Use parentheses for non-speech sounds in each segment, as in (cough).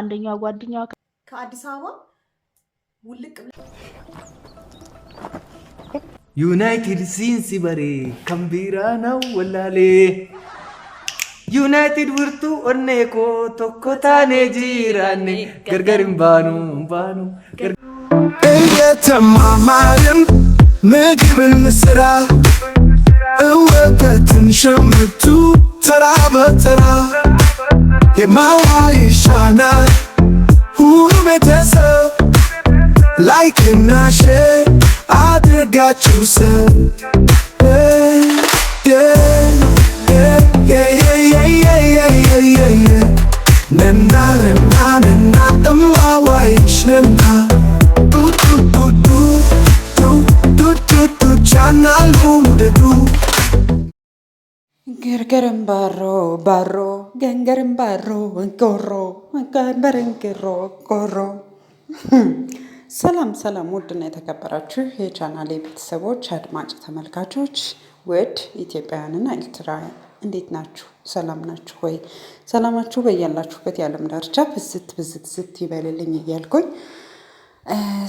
አንደኛዋ ጓደኛዋ ከአዲስ አበባ ውልቅ ዩናይትድ ሲንስ ሲንሲበሬ ከምቢራ ነው ወላሌ ዩናይትድ ብርቱ ኦኔኮ ቶኮታኔ ጂራኔ ገርገርን ባኑ ባኑ እየተማማርን ምግብን ስራ እወተትን ሸምቱ ተራ በተራ ይሻናል ሁሉ ቤተሰብ ላይክና ሼር አድርጋችሁ ሰብ ነናነናነና እማዋይሽነና ቻናሉ ውደዱ ገርገርን ባሮ ባሮ ገንገር ባሮ ጎሮ ገንበር ጎሮ። ሰላም ሰላም! ውድና የተከበራችሁ የቻናሌ ቤተሰቦች አድማጭ ተመልካቾች፣ ውድ ኢትዮጵያውያንና ኤርትራ እንዴት ናችሁ? ሰላም ናችሁ ወይ? ሰላማችሁ በያላችሁበት የዓለም ዳርቻ ብዝት ብዝት ዝት ይበልልኝ እያልኩኝ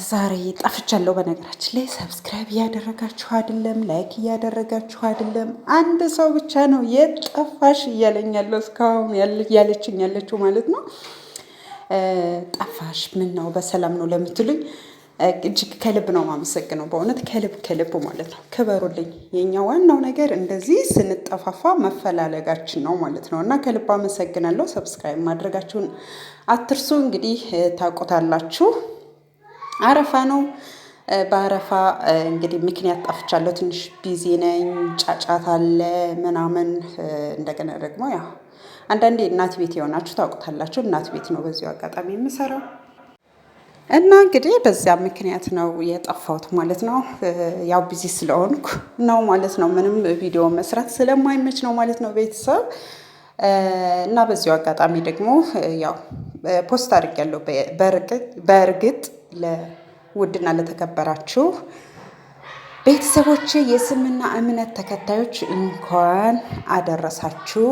ዛሬ ጠፍቻለሁ። በነገራችን ላይ ሰብስክራይብ እያደረጋችሁ አይደለም፣ ላይክ እያደረጋችሁ አይደለም። አንድ ሰው ብቻ ነው የጠፋሽ እያለኝ ያለው እስካሁን ያለችኝ ያለችው ማለት ነው። ጠፋሽ ምን ነው በሰላም ነው ለምትሉኝ እጅግ ከልብ ነው ማመሰግነው። በእውነት ከልብ ከልብ ማለት ነው። ክበሩልኝ። የኛ ዋናው ነገር እንደዚህ ስንጠፋፋ መፈላለጋችን ነው ማለት ነው እና ከልብ አመሰግናለሁ። ሰብስክራይብ ማድረጋችሁን አትርሱ። እንግዲህ ታውቁታላችሁ አረፋ ነው። በአረፋ እንግዲህ ምክንያት ጠፍቻለሁ። ትንሽ ቢዚ ነኝ፣ ጫጫታ አለ ምናምን። እንደገና ደግሞ ያው አንዳንዴ እናት ቤት የሆናችሁ ታውቁታላችሁ። እናት ቤት ነው በዚሁ አጋጣሚ የምሰራው እና እንግዲህ በዚያ ምክንያት ነው የጠፋሁት ማለት ነው። ያው ቢዚ ስለሆንኩ ነው ማለት ነው። ምንም ቪዲዮ መስራት ስለማይመች ነው ማለት ነው ቤተሰብ እና በዚሁ አጋጣሚ ደግሞ ያው ፖስት አድርጌያለሁ በእርግጥ ለውድና ለተከበራችሁ ቤተሰቦች የእስልምና እምነት ተከታዮች እንኳን አደረሳችሁ።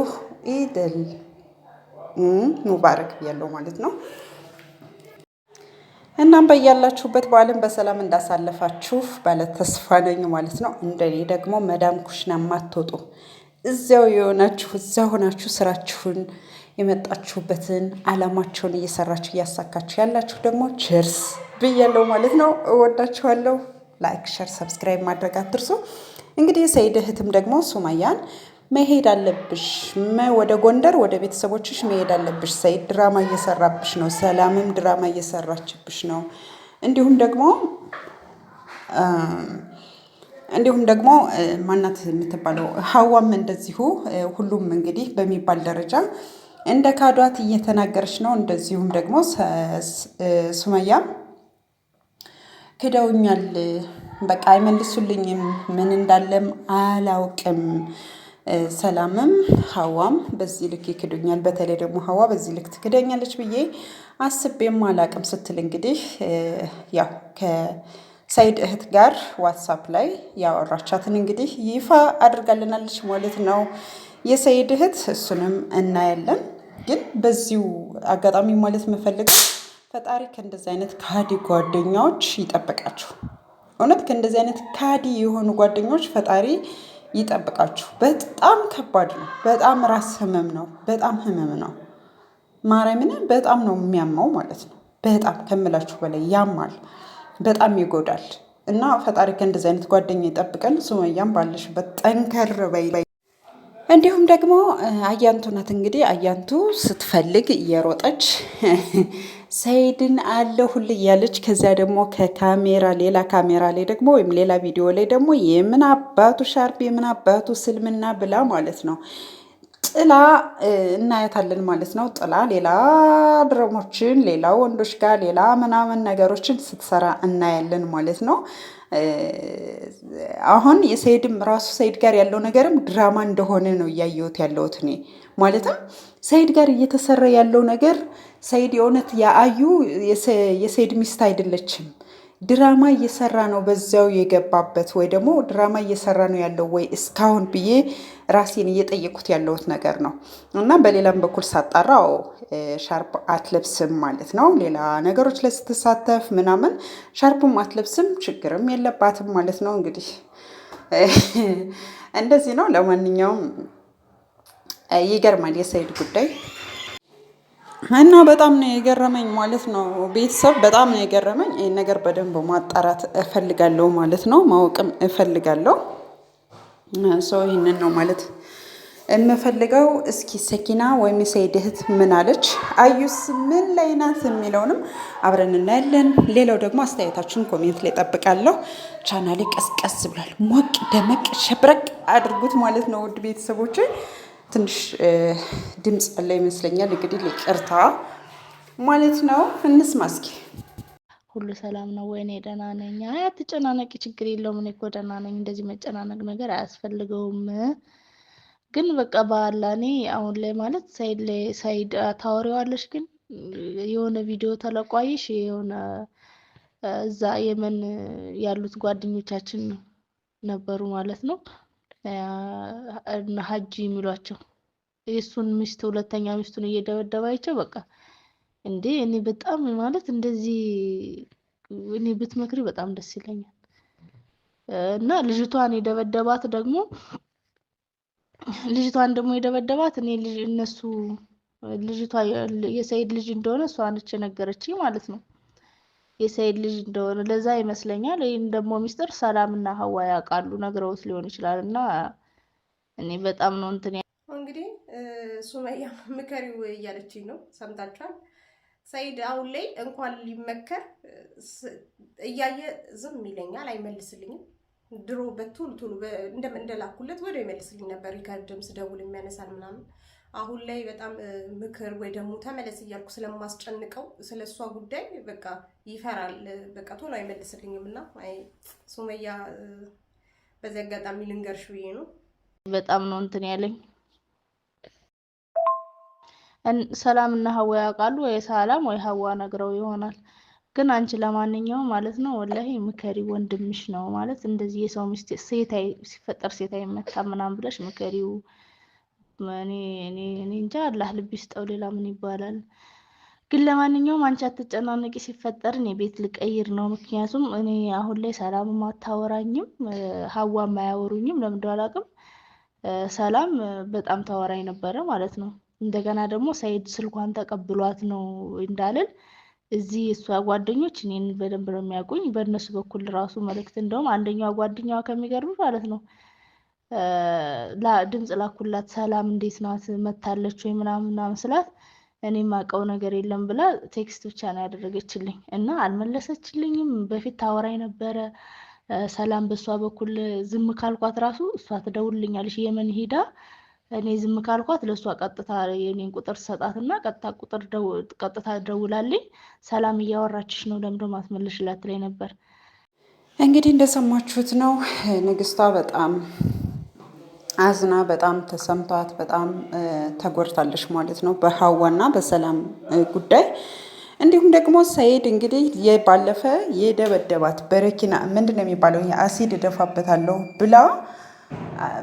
ኢድል ሙባረክ ያለው ማለት ነው። እናም በያላችሁበት በዓልን በሰላም እንዳሳለፋችሁ ባለ ተስፋ ነኝ ማለት ነው። እንደኔ ደግሞ መዳም ኩሽና ማትወጡ እዚያው የሆናችሁ እዚያ ሆናችሁ ስራችሁን የመጣችሁበትን አላማቸውን እየሰራችሁ እያሳካችሁ ያላችሁ ደግሞ ችርስ ብያለው ማለት ነው። እወዳችኋለሁ። ላይክ፣ ሸር፣ ሰብስክራይብ ማድረግ አትርሱ። እንግዲህ ሰይድ እህትም ደግሞ ሱማያን መሄድ አለብሽ፣ ወደ ጎንደር ወደ ቤተሰቦችሽ መሄድ አለብሽ። ሰይድ ድራማ እየሰራብሽ ነው። ሰላምም ድራማ እየሰራችብሽ ነው። እንዲሁም ደግሞ እንዲሁም ደግሞ ማናት የምትባለው ሀዋም እንደዚሁ ሁሉም እንግዲህ በሚባል ደረጃ እንደ ካዷት እየተናገረች ነው። እንደዚሁም ደግሞ ሱመያም ክደውኛል፣ በቃ አይመልሱልኝም፣ ምን እንዳለም አላውቅም። ሰላምም ሀዋም በዚህ ልክ ይክዱኛል፣ በተለይ ደግሞ ሀዋ በዚህ ልክ ትክደኛለች ብዬ አስቤም አላቅም ስትል እንግዲህ ያው ከሰይድ እህት ጋር ዋትሳፕ ላይ ያወራቻትን እንግዲህ ይፋ አድርጋልናለች ማለት ነው የሰይድ እህት። እሱንም እናያለን። ግን በዚሁ አጋጣሚ ማለት መፈለግ ፈጣሪ ከእንደዚህ አይነት ከሃዲ ጓደኛዎች ይጠብቃችሁ። እውነት ከእንደዚህ አይነት ከሃዲ የሆኑ ጓደኞች ፈጣሪ ይጠብቃችሁ። በጣም ከባድ ነው። በጣም ራስ ህመም ነው። በጣም ህመም ነው። ማርያምን በጣም ነው የሚያማው ማለት ነው። በጣም ከምላችሁ በላይ ያማል። በጣም ይጎዳል እና ፈጣሪ ከእንደዚህ አይነት ጓደኛ ይጠብቀን። ሱመያም ባለሽበት ጠንከር በይ። እንዲሁም ደግሞ አያንቱ ናት። እንግዲህ አያንቱ ስትፈልግ እየሮጠች (laughs) ሰይድን አለሁል እያለች ከዚያ ደግሞ ከካሜራ ሌላ ካሜራ ላይ ደግሞ ወይም ሌላ ቪዲዮ ላይ ደግሞ የምን አባቱ ሻርፕ የምን አባቱ ስልምና ብላ ማለት ነው ጥላ እናያታለን ማለት ነው። ጥላ ሌላ ድረሞችን ሌላ ወንዶች ጋር ሌላ ምናምን ነገሮችን ስትሰራ እናያለን ማለት ነው። አሁን የሰይድም ራሱ ሰይድ ጋር ያለው ነገርም ድራማ እንደሆነ ነው እያየሁት ያለሁት እኔ ማለትም ሰይድ ጋር እየተሰራ ያለው ነገር ሰይድ የእውነት የአዩ የሰይድ ሚስት አይደለችም ድራማ እየሰራ ነው በዚያው የገባበት ወይ ደግሞ ድራማ እየሰራ ነው ያለው ወይ እስካሁን ብዬ ራሴን እየጠየቁት ያለሁት ነገር ነው። እና በሌላም በኩል ሳጣራው ሻርፕ አትለብስም ማለት ነው። ሌላ ነገሮች ላይ ስትሳተፍ ምናምን ሻርፕም አትለብስም ችግርም የለባትም ማለት ነው። እንግዲህ (laughs) እንደዚህ ነው። ለማንኛውም ይገርማል የሰይድ ጉዳይ እና በጣም ነው የገረመኝ ማለት ነው። ቤተሰብ በጣም ነው የገረመኝ። ይህን ነገር በደንብ ማጣራት እፈልጋለሁ ማለት ነው፣ ማወቅም እፈልጋለሁ። ሰው ይህንን ነው ማለት የምፈልገው። እስኪ ሰኪና ወይም የሰኢድ እህት ምን አለች፣ አዩስ ምን ላይ ናት የሚለውንም አብረን እናያለን። ሌላው ደግሞ አስተያየታችሁን ኮሜንት ላይ ጠብቃለሁ። ቻናሌ ቀዝቀዝ ብሏል። ሞቅ ደመቅ ሸብረቅ አድርጉት ማለት ነው ውድ ቤተሰቦች ትንሽ ድምፅ ያለ ይመስለኛል። እንግዲህ ይቅርታ ማለት ነው። እንስማ እስኪ። ሁሉ ሰላም ነው ወይ? እኔ ደህና ነኝ። አይ አትጨናነቂ፣ ችግር የለውም። እኔ እኮ ደህና ነኝ። እንደዚህ መጨናነቅ ነገር አያስፈልገውም። ግን በቃ በኋላ እኔ አሁን ላይ ማለት ሳይድ ታወሪዋለሽ፣ ግን የሆነ ቪዲዮ ተለቋይሽ የሆነ እዛ የመን ያሉት ጓደኞቻችን ነበሩ ማለት ነው ሀጂ የሚሏቸው የእሱን ሚስት ሁለተኛ ሚስቱን እየደበደባቸው በቃ እንዴ እኔ በጣም ማለት እንደዚህ እኔ ብትመክሪ በጣም ደስ ይለኛል። እና ልጅቷን የደበደባት ደግሞ ልጅቷን ደግሞ የደበደባት እኔ እነሱ ልጅቷ የሰይድ ልጅ እንደሆነ እሷ ነች የነገረችኝ ማለት ነው። የሰይድ ልጅ እንደሆነ ለዛ ይመስለኛል። ይህን ደግሞ ሚስጥር ሰላምና ሀዋ ያውቃሉ፣ ነግረውት ሊሆን ይችላል። እና እኔ በጣም ነው እንትን እንግዲህ ሱመያ ምከሪው እያለችኝ ነው። ሰምታችኋል። ሰይድ አሁን ላይ እንኳን ሊመከር እያየ ዝም ይለኛል፣ አይመልስልኝም። ድሮ በቶሎ ቶሎ እንደላኩለት ወደ ይመልስልኝ ነበር። ሪካርድም ስደውል የሚያነሳል ምናምን አሁን ላይ በጣም ምክር ወይ ደግሞ ተመለስ እያልኩ ስለማስጨንቀው ስለ እሷ ጉዳይ በቃ ይፈራል። በቃ ቶሎ አይመልስልኝም እና ሱመያ በዚህ አጋጣሚ ልንገርሽ ብዬ ነው። በጣም ነው እንትን ያለኝ። ሰላም እና ሀዋ ያውቃሉ ወይ ሰላም ወይ ሀዋ ነግረው ይሆናል። ግን አንቺ ለማንኛውም ማለት ነው ወላሂ ምከሪ፣ ወንድምሽ ነው ማለት እንደዚህ የሰው ሚስት ሴት ሲፈጠር ሴት አይመታም ምናምን ብለሽ ምከሪው። እኔ እንጃ አላህ ልብ ይስጠው። ሌላ ምን ይባላል? ግን ለማንኛውም አንቺ አትጨናነቂ። ሲፈጠር እኔ ቤት ልቀይር ነው። ምክንያቱም እኔ አሁን ላይ ሰላም አታወራኝም፣ ሀዋ አያወሩኝም። ለምንድ አላውቅም። ሰላም በጣም ታወራኝ ነበረ ማለት ነው። እንደገና ደግሞ ሰይድ ስልኳን ተቀብሏት ነው እንዳልል እዚህ እሷ ጓደኞች እኔን በደንብ ነው የሚያውቁኝ። በእነሱ በኩል ራሱ መልእክት እንደውም አንደኛዋ ጓደኛዋ ከሚገርም ማለት ነው ድምፅ ላኩላት። ሰላም እንዴት ናት መታለች ወይ ምናምን ስላት እኔ ማቀው ነገር የለም ብላ ቴክስት ብቻ ነው ያደረገችልኝ እና አልመለሰችልኝም። በፊት ታወራኝ ነበረ። ሰላም በእሷ በኩል ዝም ካልኳት ራሱ እሷ ትደውልልኛለች የመን ሄዳ እኔ ዝም ካልኳት ለእሷ ቀጥታ የኔን ቁጥር እና ቀጥታ ቁጥር ቀጥታ ደውላልኝ ሰላም እያወራችሽ ነው ለምደ ማስመለሽላት ላይ ነበር። እንግዲህ እንደሰማችሁት ነው ንግስቷ በጣም አዝና በጣም ተሰምቷት በጣም ተጎድታለች ማለት ነው በሀዋና በሰላም ጉዳይ። እንዲሁም ደግሞ ሰይድ እንግዲህ የባለፈ የደበደባት በረኪና ምንድን ነው የሚባለው አሲድ እደፋበታለሁ ብላ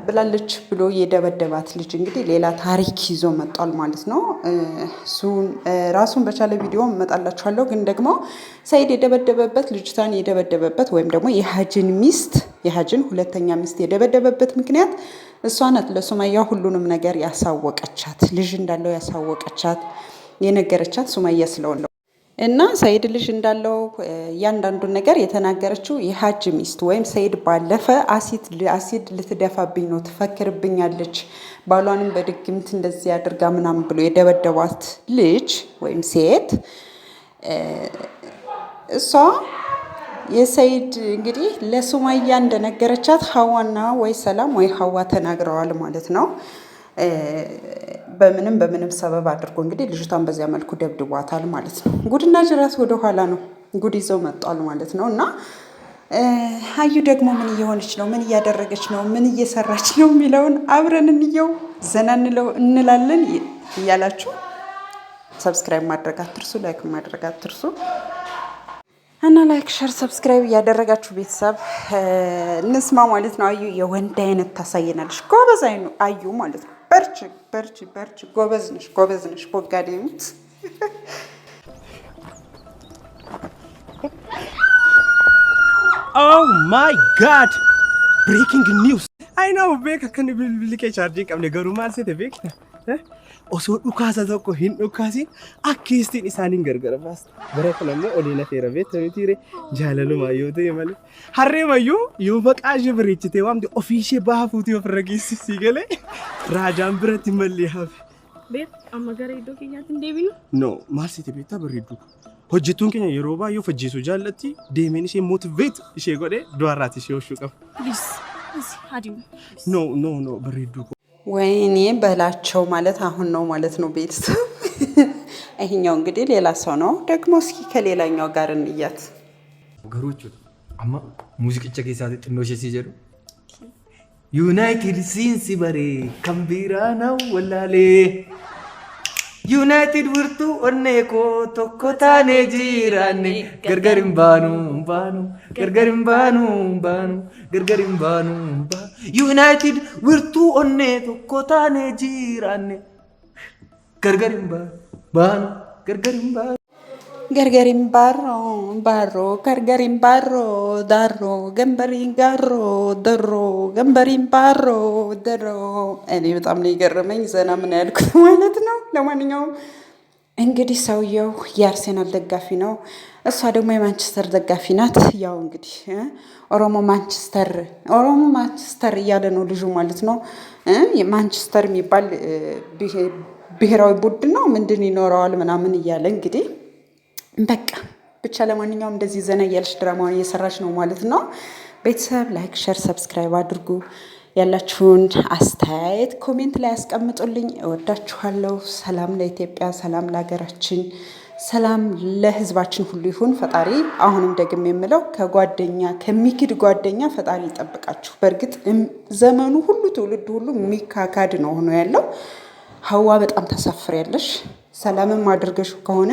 ብላለች ብሎ የደበደባት ልጅ እንግዲህ ሌላ ታሪክ ይዞ መጧል ማለት ነው። እሱን ራሱን በቻለ ቪዲዮ እመጣላችኋለሁ። ግን ደግሞ ሰይድ የደበደበበት ልጅቷን የደበደበበት ወይም ደግሞ የሀጅን ሚስት የሀጅን ሁለተኛ ሚስት የደበደበበት ምክንያት እሷ ናት ለሱማያ ሁሉንም ነገር ያሳወቀቻት ልጅ እንዳለው ያሳወቀቻት የነገረቻት ሱማያ ስለሆነ እና ሰይድ ልጅ እንዳለው እያንዳንዱን ነገር የተናገረችው የሀጅ ሚስት ወይም ሰይድ ባለፈ አሲድ ልትደፋብኝ ነው፣ ትፈክርብኛለች፣ ባሏንም በድግምት እንደዚህ አድርጋ ምናምን ብሎ የደበደቧት ልጅ ወይም ሴት እሷ የሰይድ እንግዲህ ለሱማያ እንደነገረቻት ሀዋና ወይ ሰላም ወይ ሀዋ ተናግረዋል ማለት ነው። በምንም በምንም ሰበብ አድርጎ እንግዲህ ልጅቷን በዚያ መልኩ ደብድቧታል ማለት ነው። ጉድና ጅራት ወደኋላ ነው። ጉድ ይዘው መጧል ማለት ነው። እና አዩ ደግሞ ምን እየሆነች ነው፣ ምን እያደረገች ነው፣ ምን እየሰራች ነው የሚለውን አብረን እንየው፣ ዘና እንላለን እያላችሁ ሰብስክራይብ ማድረግ አትርሱ፣ ላይክ ማድረግ አትርሱ እና ላይክ ሸር ሰብስክራይብ እያደረጋችሁ ቤተሰብ እንስማ ማለት ነው። አዩ የወንድ አይነት ታሳየናለች። ጎበዝ አዩ ማለት ነው። በርቺ በርቺ በርቺ። ጎበዝ ነሽ ጎበዝ ነሽ ቦጋዴ ሚት ኦ ማይ ጋድ ብሬኪንግ ኒውስ አይ ነው ቤክ ከን ቻርጅ ቀም ነገሩ ማንሴት ቤክ osoo dhukaasa tokko hin dhukaasin akkiistiin isaaniin gargar baasta. Bara kun ammoo olii lafee rafee tamitiire jaalalumaa yoo ta'e malee. Harreemayyuu yoo maqaa ishee bareechitee waamte ofii ishee baha fuutee ofirra geessisii galee raajaan biratti mallee hafe. Beet amma gara iddoo keenyaatti hin deebinu? No maal sitti beektaa bareeddu. Hojjettuun keenya yeroo baay'ee of ajjeesuu jaallatti deemeen ishee mootiveet ishee godhee du'arraati ishee hoshuu qaba. No no no bareeddu. ወይኔ በላቸው ማለት አሁን ነው ማለት ነው ቤተሰብ። (laughs) ይሄኛው እንግዲህ ሌላ ሰው ነው ደግሞ። እስኪ ከሌላኛው ጋር እንያት። ገሮቹ አማ ሙዚቅቸ ኬሳ ጥኖሽ ሲጀሩ ዩናይትድ ሲንስ በሬ ከምቢራ ነው ወላሌ ዩናይትድ ብርቱ ኦኔኮ tokko taanee jiraanne gargar hin baanu baanu gargar hin baanu baanu gargar hin baanu ዩናይትድ ብርቱ ኦኔ tokko taanee jiraanne gargar hin baanu baanu gargar hin baanu Gargarin barro, barro, gargarin barro, ዳሮ ገንበሪን ጋሮ ደሮ ገንበሪን ባሮ ደሮ። እኔ በጣም ነው የገረመኝ ዘና ምን ያልኩት (laughs) ማለት ነው። ለማንኛውም እንግዲህ ሰውየው የአርሴናል ደጋፊ ነው፣ እሷ ደግሞ የማንቸስተር ደጋፊ ናት። ያው እንግዲህ ኦሮሞ ማንቸስተር ኦሮሞ ማንቸስተር እያለ ነው ልጁ ማለት ነው። ማንቸስተር የሚባል ብሔራዊ ቡድን ነው ምንድን ይኖረዋል ምናምን እያለ እንግዲህ በቃ ብቻ ለማንኛውም እንደዚህ ዘና እያለች ድራማዋን እየሰራች ነው ማለት ነው። ቤተሰብ ላይክ፣ ሸር፣ ሰብስክራይብ አድርጉ። ያላችሁን አስተያየት ኮሜንት ላይ ያስቀምጡልኝ። እወዳችኋለሁ። ሰላም ለኢትዮጵያ፣ ሰላም ለሀገራችን፣ ሰላም ለሕዝባችን ሁሉ ይሁን። ፈጣሪ አሁንም ደግም የምለው ከጓደኛ ከሚክድ ጓደኛ ፈጣሪ ይጠብቃችሁ። በእርግጥ ዘመኑ ሁሉ ትውልድ ሁሉ ሚካካድ ነው ሆኖ ያለው። ሀዋ በጣም ታሳፍሪያለሽ። ሰላምም አድርገሽ ከሆነ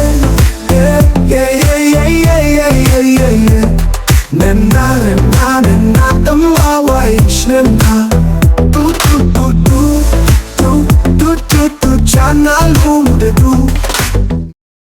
Öffnen